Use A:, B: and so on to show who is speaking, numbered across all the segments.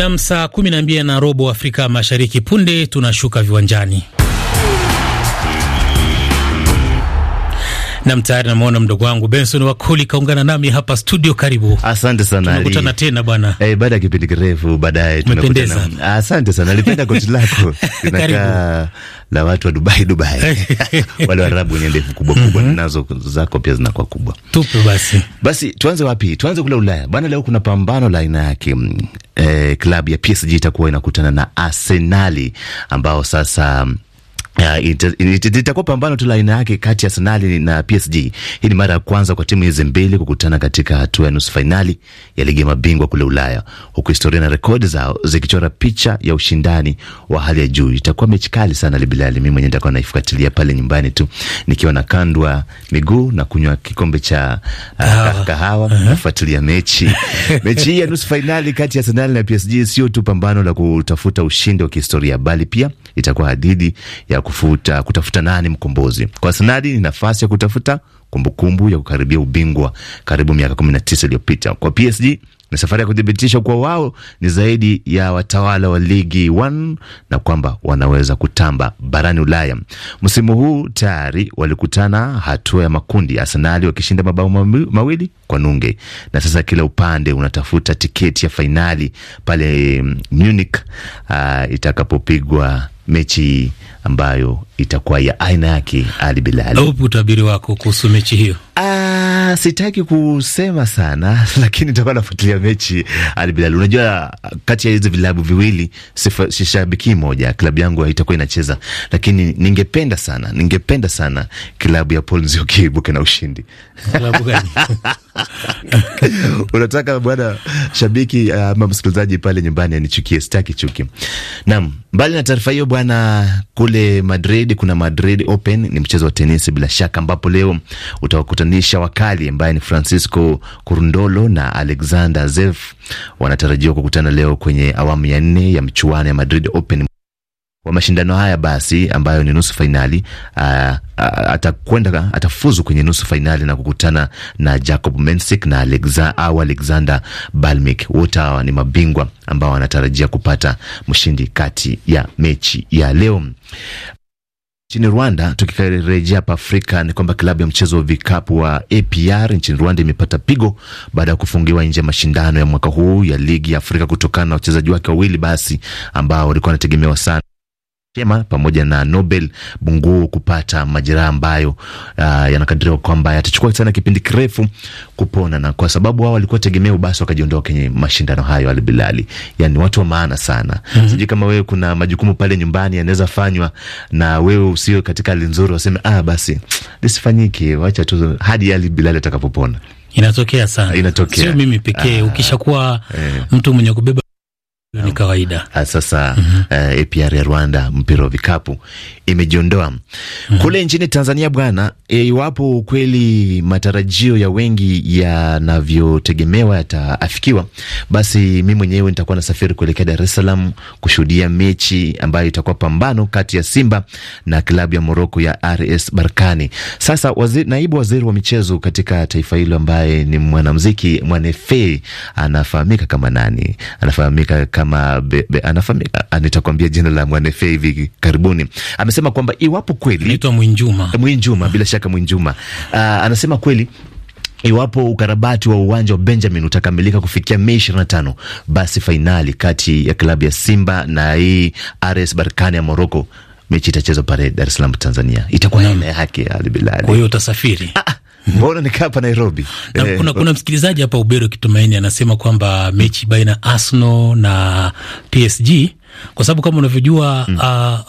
A: Nam, saa 12 na robo Afrika Mashariki. Punde tunashuka viwanjani. Nam, tayari namwona mdogo wangu Benson Wakuli kaungana nami hapa studio. Karibu. Asante sana. Tunakutana tena bwana Hey, eh,
B: baada ya kipindi kirefu baadaye tunakutana. Asante sana, nilipenda koti lako linakaa la watu wa Dubai, Dubai wale Waarabu wenye ndevu kubwa mhm. kubwa, mm -hmm. nazo zako pia
A: zinakuwa kubwa. Tupe basi,
B: basi tuanze wapi? Tuanze kule Ulaya bwana. Leo kuna pambano la aina yake mm, eh, klabu ya PSG itakuwa inakutana na Arsenali ambao sasa Uh, litakuwa pambano tu la aina yake kati ya Arsenali na PSG. Hii ni mara ya kwanza kwa timu hizi mbili kukutana katika hatua ya nusu fainali ya ligi ya mabingwa kule Ulaya, huku historia na rekodi zao zikichora picha ya ushindani wa hali ya juu. Itakuwa mechi kali sana Libilali. Mi mwenyewe nitakuwa naifuatilia pale nyumbani tu nikiwa na kandwa miguu na kunywa kikombe cha uh, kahawa uh -huh. nafuatilia mechi mechi hii ya nusu fainali kati ya Arsenali na PSG sio tu pambano la kutafuta ushindi wa kihistoria, bali pia itakuwa hadidi ya kufuta kutafuta nani mkombozi. Kwa Arsenali ni nafasi ya kutafuta kumbukumbu kumbu ya kukaribia ubingwa karibu miaka 19 iliyopita. Kwa PSG na safari ya kuthibitisha kuwa wao ni zaidi ya watawala wa ligi 1 na kwamba wanaweza kutamba barani Ulaya. Msimu huu tayari walikutana hatua ya makundi, Arsenali wakishinda mabao mawili kwa nunge, na sasa kila upande unatafuta tiketi ya fainali pale mm, Munich, uh, itakapopigwa mechi ambayo itakuwa ya aina yake. Ali Bilali, upi
A: utabiri wako kuhusu mechi hiyo?
B: Ah, sitaki kusema sana, lakini nitakuwa nafuatilia mechi. Ali Bilali, unajua kati ya hizi vilabu viwili sishabikii moja, klabu yangu haitakuwa inacheza, lakini ningependa sana, ningependa sana klabu ya Paul Nzioki ibuke na ushindi.
A: Klabu gani?
B: Unataka bwana shabiki ama uh, msikilizaji pale nyumbani anichukie, sitaki chuki. Naam, mbali na taarifa hiyo bwana, kule Madrid kuna Madrid Open, ni mchezo wa tenisi bila shaka, ambapo leo utawakutanisha wakali ambaye ni Francisco Curundolo na Alexander Zverev, wanatarajiwa kukutana leo kwenye awamu ya nne ya mchuano ya Madrid Open wa mashindano haya basi, ambayo ni nusu fainali, ah, ah, atakwenda atafuzu kwenye nusu fainali na kukutana na Jacob Mensik na Alexa, au Alexander Balmik. Wote hawa ni mabingwa ambao wanatarajia kupata mshindi kati ya mechi ya leo. Nchini Rwanda, tukirejea hapa Afrika, ni kwamba klabu ya mchezo wa vikapu wa APR nchini Rwanda imepata pigo baada ya kufungiwa nje ya mashindano ya mwaka huu ya ligi ya Afrika kutokana na wachezaji wake wawili basi ambao walikuwa wanategemewa sana Chema pamoja na Nobel Bunguo kupata majeraha ambayo uh, yanakadiriwa kwamba yatachukua sana kipindi kirefu kupona, na kwa sababu wao walikuwa tegemeo, basi wakajiondoa kwenye mashindano hayo. Albilali, yani watu wa maana sana. mm -hmm. Sijui kama wewe kuna majukumu pale nyumbani yanaweza fanywa na wewe usio katika hali nzuri, waseme ah, basi lisifanyike, wacha tu hadi Albilali atakapopona.
A: Inatokea sana,
B: inatokea sio mimi pekee. Ah, Ukishakuwa eh, mtu mwenye kubeba ni kawaida ha, ah, sasa. mm -hmm. Uh, eh, APR ya Rwanda mpira wa vikapu imejiondoa mm -hmm. kule nchini Tanzania bwana. E, iwapo e, kweli matarajio ya wengi yanavyotegemewa yataafikiwa, basi mi mwenyewe nitakuwa nasafiri kuelekea Dar es Salaam kushuhudia mechi ambayo itakuwa pambano kati ya Simba na klabu ya Moroko ya RS Barkani. Sasa wazir, naibu waziri wa michezo katika taifa hilo ambaye ni mwanamuziki Mwanefe anafahamika kama nani? Anafahamika kama be, be, anafamika nitakwambia jina la mwanefe hivi karibuni, amesema kwamba iwapo kweli anaitwa Mwinjuma, Mwinjuma bila shaka Mwinjuma, uh, anasema kweli iwapo ukarabati wa uwanja wa Benjamin utakamilika kufikia Mei tano, basi fainali kati ya klabu ya Simba na hii RS Barkani ya Moroko, mechi itachezwa pale Dar es Salaam, Tanzania, itakuwa na haki. ya Kwa hiyo
A: utasafiri? ah, ah. mbona
B: nikaa hapa Nairobi na, eh, kuna, kuna
A: msikilizaji hapa Ubero Kitumaini anasema kwamba mechi baina ya Arsenal na PSG kwa sababu kama unavyojua mm.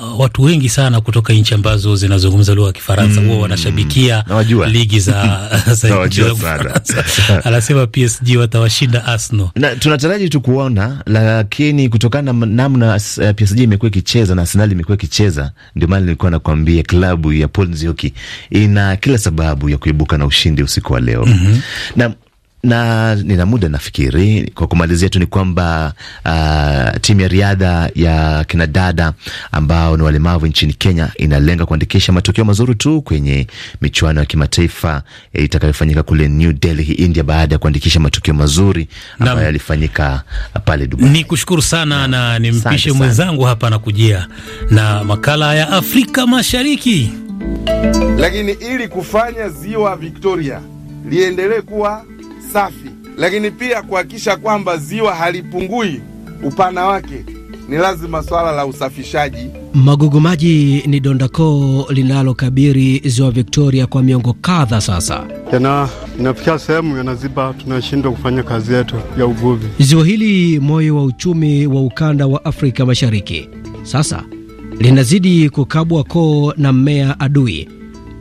A: uh, watu wengi sana kutoka nchi ambazo zinazungumza lugha ya Kifaransa huwa mm. wanashabikia ligi za Ufaransa. Anasema PSG watawashinda Arsenal
B: na tunataraji tu kuona, lakini kutokana na namna uh, PSG imekuwa ikicheza na Arsenal imekuwa ikicheza, ndio maana nilikuwa nakwambia klabu ya Paul Nzioki ina kila sababu ya kuibuka na ushindi usiku wa leo mm -hmm. na na nina muda nafikiri, kwa kumalizia tu ni kwamba uh, timu ya riadha ya kinadada ambao ni walemavu nchini Kenya inalenga kuandikisha matokeo mazuri tu kwenye michuano ya kimataifa eh, itakayofanyika kule New Delhi, India, baada ya kuandikisha matokeo mazuri ambayo yalifanyika
A: pale Dubai. Ni kushukuru sana na, na nimpishe mwenzangu hapa na kujia na makala ya
C: Afrika Mashariki. Lakini ili kufanya ziwa Victoria liendelee kuwa safi, lakini pia kuhakikisha kwamba ziwa halipungui upana wake ni lazima swala la usafishaji.
D: Magugu maji ni donda koo linalokabiri ziwa Victoria kwa miongo kadha sasa.
C: inafikia sehemu yanaziba, tunashindwa kufanya kazi yetu ya uvuvi.
D: Ziwa hili moyo wa uchumi wa ukanda wa Afrika Mashariki sasa linazidi kukabwa koo na mmea adui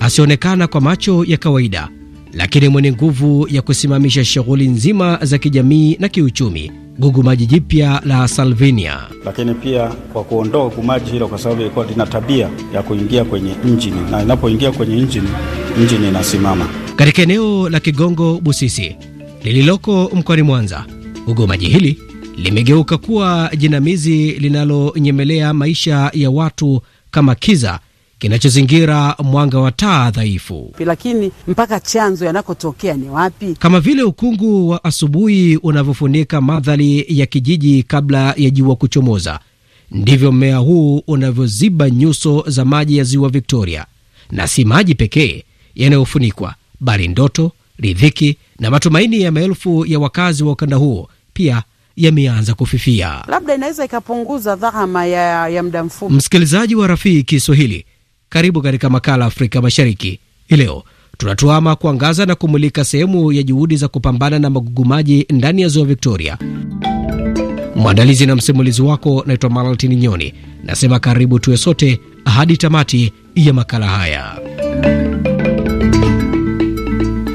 D: asionekana kwa macho ya kawaida lakini mwenye nguvu ya kusimamisha shughuli nzima za kijamii na kiuchumi. Gugu maji jipya la Salvinia, lakini pia kwa kuondoa gugu maji hilo, kwa sababu ilikuwa lina tabia ya kuingia kwenye injini, na inapoingia kwenye injini, injini inasimama. Katika eneo la Kigongo Busisi lililoko mkoani Mwanza, gugu maji hili limegeuka kuwa jinamizi linalonyemelea maisha ya watu kama kiza kinachozingira mwanga wa taa dhaifu. Lakini mpaka chanzo yanakotokea ni wapi? Kama vile ukungu wa asubuhi unavyofunika madhali ya kijiji kabla ya jua kuchomoza, ndivyo mmea huu unavyoziba nyuso za maji ya ziwa Victoria, na si maji pekee yanayofunikwa, bali ndoto, ridhiki na matumaini ya maelfu ya wakazi wa ukanda huo pia yameanza kufifia. Labda inaweza ikapunguza dhahama ya, ya muda mfupi. Msikilizaji wa Rafii Kiswahili, karibu katika makala Afrika Mashariki. Hii leo tunatuama kuangaza na kumulika sehemu ya juhudi za kupambana na magugumaji ndani ya ziwa Victoria. Mwandalizi na msimulizi wako naitwa Malaltini Nyoni, nasema karibu tuwe sote hadi tamati ya makala haya.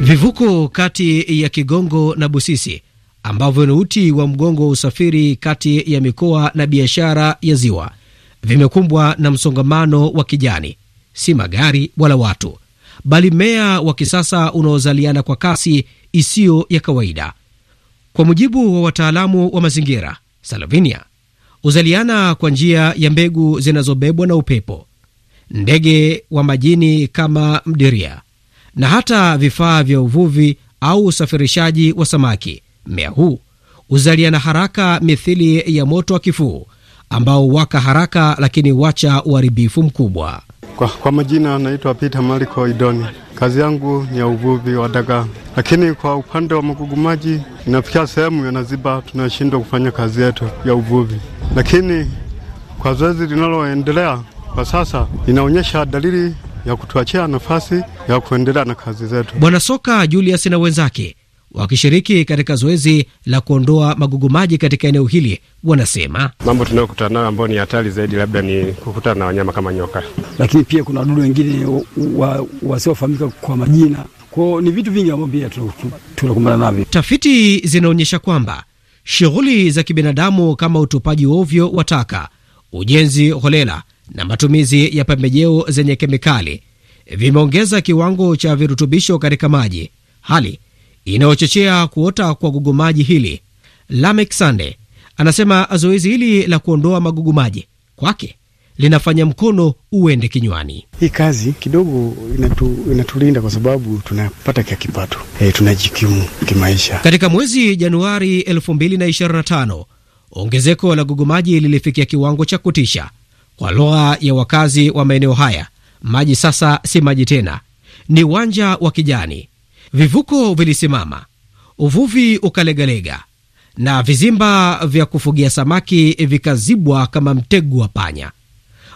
D: Vivuko kati ya Kigongo na Busisi ambavyo ni uti wa mgongo wa usafiri kati ya mikoa na biashara ya ziwa vimekumbwa na msongamano wa kijani si magari wala watu, bali mmea wa kisasa unaozaliana kwa kasi isiyo ya kawaida. Kwa mujibu wa wataalamu wa mazingira, Salvinia huzaliana kwa njia ya mbegu zinazobebwa na upepo, ndege wa majini kama mdiria, na hata vifaa vya uvuvi au usafirishaji wa samaki. Mmea huu huzaliana haraka mithili ya moto wa kifuu ambao waka haraka, lakini wacha uharibifu mkubwa.
C: Kwa, kwa majina naitwa Peter Maliko Idoni. Kazi yangu ni ya uvuvi wa dagaa, lakini kwa upande wa magugu maji inafikia sehemu yanaziba, tunashindwa kufanya kazi yetu ya uvuvi. Lakini kwa zoezi linaloendelea kwa sasa inaonyesha dalili ya kutuachia nafasi ya kuendelea na kazi zetu. Bwana
D: Soka Julius na wenzake wakishiriki katika zoezi la kuondoa magugu maji katika eneo hili. Wanasema
A: mambo tunayokutana nayo ambayo ni hatari zaidi labda ni kukutana na wanyama kama nyoka,
D: lakini pia kuna wadudu wengine wasiofahamika kwa majina. Kwao ni vitu vingi ambavyo pia tunakumbana navyo. Tafiti zinaonyesha kwamba shughuli za kibinadamu kama utupaji ovyo wa taka, ujenzi holela na matumizi ya pembejeo zenye kemikali vimeongeza kiwango cha virutubisho katika maji, hali inayochochea kuota kwa gugumaji hili. Lamek Sande anasema zoezi hili la kuondoa magugumaji kwake linafanya mkono uende kinywani. Hii kazi kidogo inatu, inatulinda kwa sababu tunapata kia kipato e, tunajikimu kimaisha. Katika mwezi Januari 2025 ongezeko la gugumaji lilifikia kiwango cha kutisha. Kwa lugha ya wakazi wa maeneo haya, maji sasa si maji tena, ni uwanja wa kijani vivuko vilisimama, uvuvi ukalegalega na vizimba vya kufugia samaki vikazibwa kama mtego wa panya.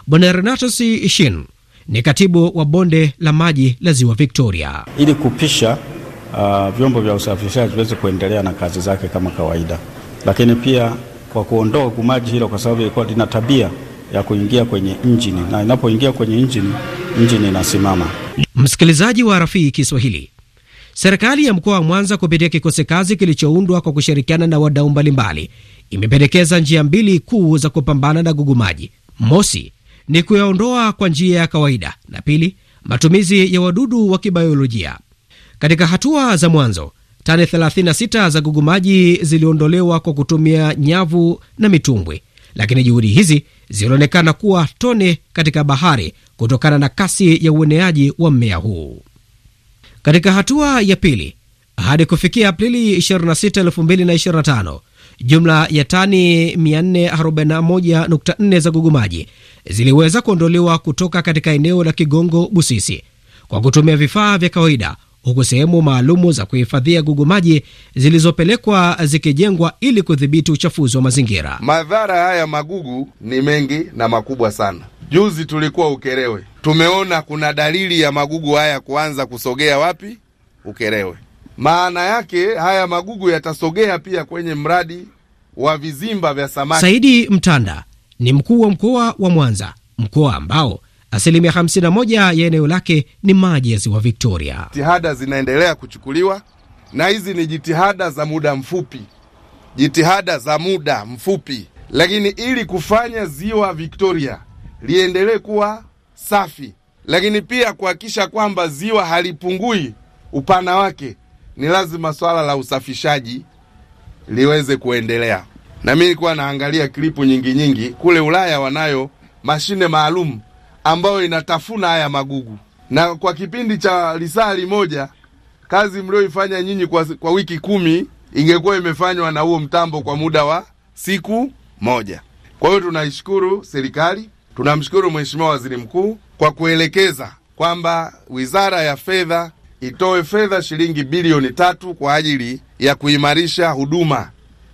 D: Bwana Renatus Shin ni katibu wa bonde la maji la ziwa Victoria.
C: Ili kupisha
D: uh, vyombo vya usafirishaji viweze kuendelea na kazi zake kama kawaida, lakini pia kwa kuondoa gumaji hilo, kwa sababu ilikuwa lina tabia ya kuingia kwenye injini, na inapoingia kwenye injini, injini inasimama. Msikilizaji wa Rafii Kiswahili, Serikali ya mkoa wa Mwanza kupitia kikosi kazi kilichoundwa kwa kushirikiana na wadau mbalimbali imependekeza njia mbili kuu za kupambana na gugumaji. Mosi ni kuyaondoa kwa njia ya kawaida, na pili matumizi ya wadudu wa kibayolojia. Katika hatua za mwanzo, tani 36 za gugumaji ziliondolewa kwa kutumia nyavu na mitumbwi, lakini juhudi hizi zilionekana kuwa tone katika bahari kutokana na kasi ya ueneaji wa mmea huu katika hatua ya pili hadi kufikia Aprili 26, 2025 jumla ya tani 441.4 za gugumaji ziliweza kuondolewa kutoka katika eneo la Kigongo Busisi kwa kutumia vifaa vya kawaida, huku sehemu maalumu za kuhifadhia gugumaji zilizopelekwa zikijengwa ili kudhibiti uchafuzi wa mazingira.
C: Madhara haya magugu ni mengi na makubwa sana. Juzi tulikuwa Ukerewe, tumeona kuna dalili ya magugu haya kuanza kusogea wapi? Ukerewe. Maana yake haya magugu yatasogea pia kwenye mradi wa vizimba vya samaki. Saidi
D: Mtanda ni mkuu wa mkoa wa Mwanza, mkoa ambao asilimia 51 ya eneo lake ni maji ya ziwa Victoria.
C: Jitihada zinaendelea kuchukuliwa na hizi ni jitihada za muda mfupi, jitihada za muda mfupi, lakini ili kufanya ziwa Victoria liendelee kuwa safi, lakini pia kuhakikisha kwamba ziwa halipungui upana wake, ni lazima swala la usafishaji liweze kuendelea. Na mimi nilikuwa naangalia klipu nyingi nyingi, kule Ulaya wanayo mashine maalum ambayo inatafuna haya magugu, na kwa kipindi cha lisali moja kazi mlioifanya nyinyi kwa, kwa wiki kumi ingekuwa imefanywa na huo mtambo kwa muda wa siku moja. Kwa hiyo tunaishukuru serikali Tunamshukuru Mheshimiwa Waziri Mkuu kwa kuelekeza kwamba Wizara ya Fedha itoe fedha shilingi bilioni tatu kwa ajili ya kuimarisha huduma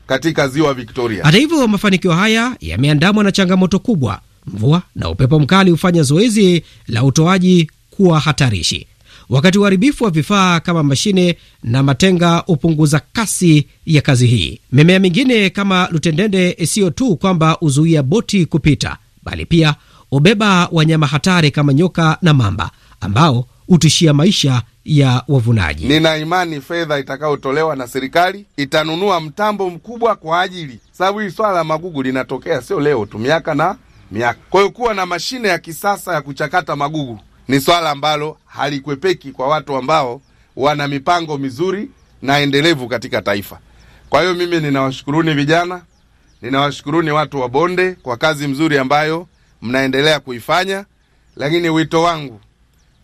C: katika ziwa Victoria. Hata
D: hivyo, mafanikio haya yameandamwa na changamoto kubwa. Mvua na upepo mkali hufanya zoezi la utoaji kuwa hatarishi, wakati uharibifu wa vifaa kama mashine na matenga hupunguza kasi ya kazi hii. Mimea mingine kama lutendende isiyo tu kwamba huzuia boti kupita, bali pia hubeba wanyama hatari kama nyoka na mamba ambao hutishia maisha ya wavunaji. Nina
C: imani fedha itakayotolewa na serikali itanunua mtambo mkubwa kwa ajili, sababu hii swala la magugu linatokea sio leo tu, miaka na miaka. Kwa hiyo kuwa na mashine ya kisasa ya kuchakata magugu ni swala ambalo halikwepeki kwa watu ambao wana mipango mizuri na endelevu katika taifa. Kwa hiyo mimi ninawashukuruni vijana Ninawashukuruni watu wa Bonde kwa kazi mzuri ambayo mnaendelea kuifanya, lakini wito wangu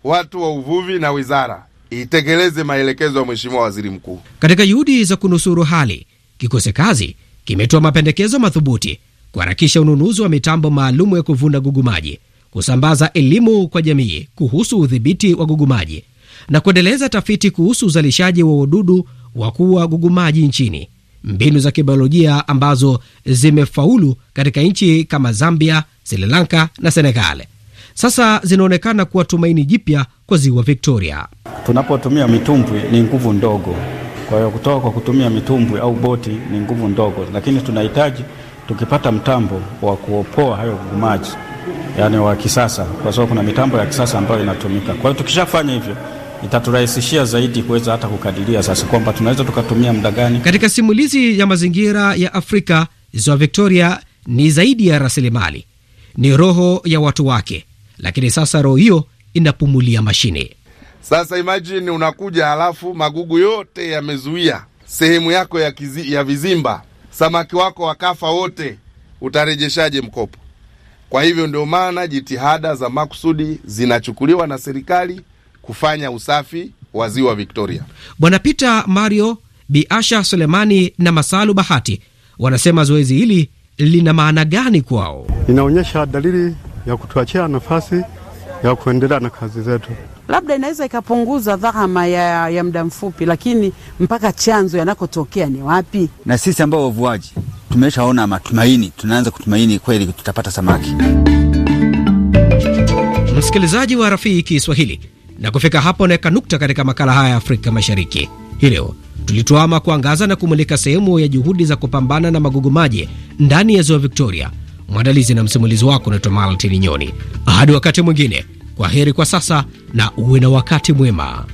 C: watu wa uvuvi na wizara itekeleze maelekezo ya Mheshimiwa Waziri Mkuu.
D: Katika juhudi za kunusuru hali, kikosi kazi kimetoa mapendekezo madhubuti kuharakisha ununuzi wa mitambo maalumu ya kuvuna gugumaji, kusambaza elimu kwa jamii kuhusu udhibiti wa gugumaji na kuendeleza tafiti kuhusu uzalishaji wa wadudu wa kuua gugumaji nchini mbinu za kibiolojia ambazo zimefaulu katika nchi kama Zambia, Sri Lanka na Senegal sasa zinaonekana kuwa tumaini jipya kwa ziwa Victoria. Tunapotumia mitumbwi ni nguvu ndogo, kwa hiyo kutoka kwa kutumia mitumbwi au boti ni nguvu ndogo, lakini tunahitaji tukipata mtambo wa kuopoa hayo maji, yaani wa kisasa, kwa sababu kuna mitambo ya kisasa ambayo inatumika. Kwa hiyo tukishafanya hivyo itaturahisishia zaidi kuweza hata kukadiria sasa kwamba tunaweza tukatumia muda gani katika simulizi ya mazingira ya Afrika. Ziwa Victoria ni zaidi ya rasilimali, ni roho ya watu wake, lakini sasa roho hiyo inapumulia mashine.
C: Sasa imajini unakuja, halafu magugu yote yamezuia sehemu yako ya, kizi, ya vizimba, samaki wako wakafa wote, utarejeshaje mkopo? Kwa hivyo ndio maana jitihada za makusudi zinachukuliwa na serikali kufanya usafi wa ziwa Victoria.
D: Bwana Peter Mario, biasha Sulemani na Masalu Bahati wanasema zoezi hili lina maana gani kwao?
C: Inaonyesha dalili ya kutuachia nafasi ya kuendelea na kazi zetu.
D: Labda inaweza ikapunguza dhahama ya, ya muda mfupi, lakini mpaka chanzo yanakotokea ni wapi?
B: Na sisi ambao wavuaji tumeshaona matumaini, tunaanza kutumaini kweli tutapata samaki.
D: Msikilizaji wa Rafiki Kiswahili na kufika hapo naweka nukta katika makala haya ya Afrika Mashariki hii leo. Tulituama kuangaza na kumulika sehemu ya juhudi za kupambana na maji ndani ya ziwa Victoria. Mwandalizi na msimulizi wako unaitwa Maltini Nyoni. Hadi wakati mwingine, kwa heri kwa sasa na uwe na wakati mwema.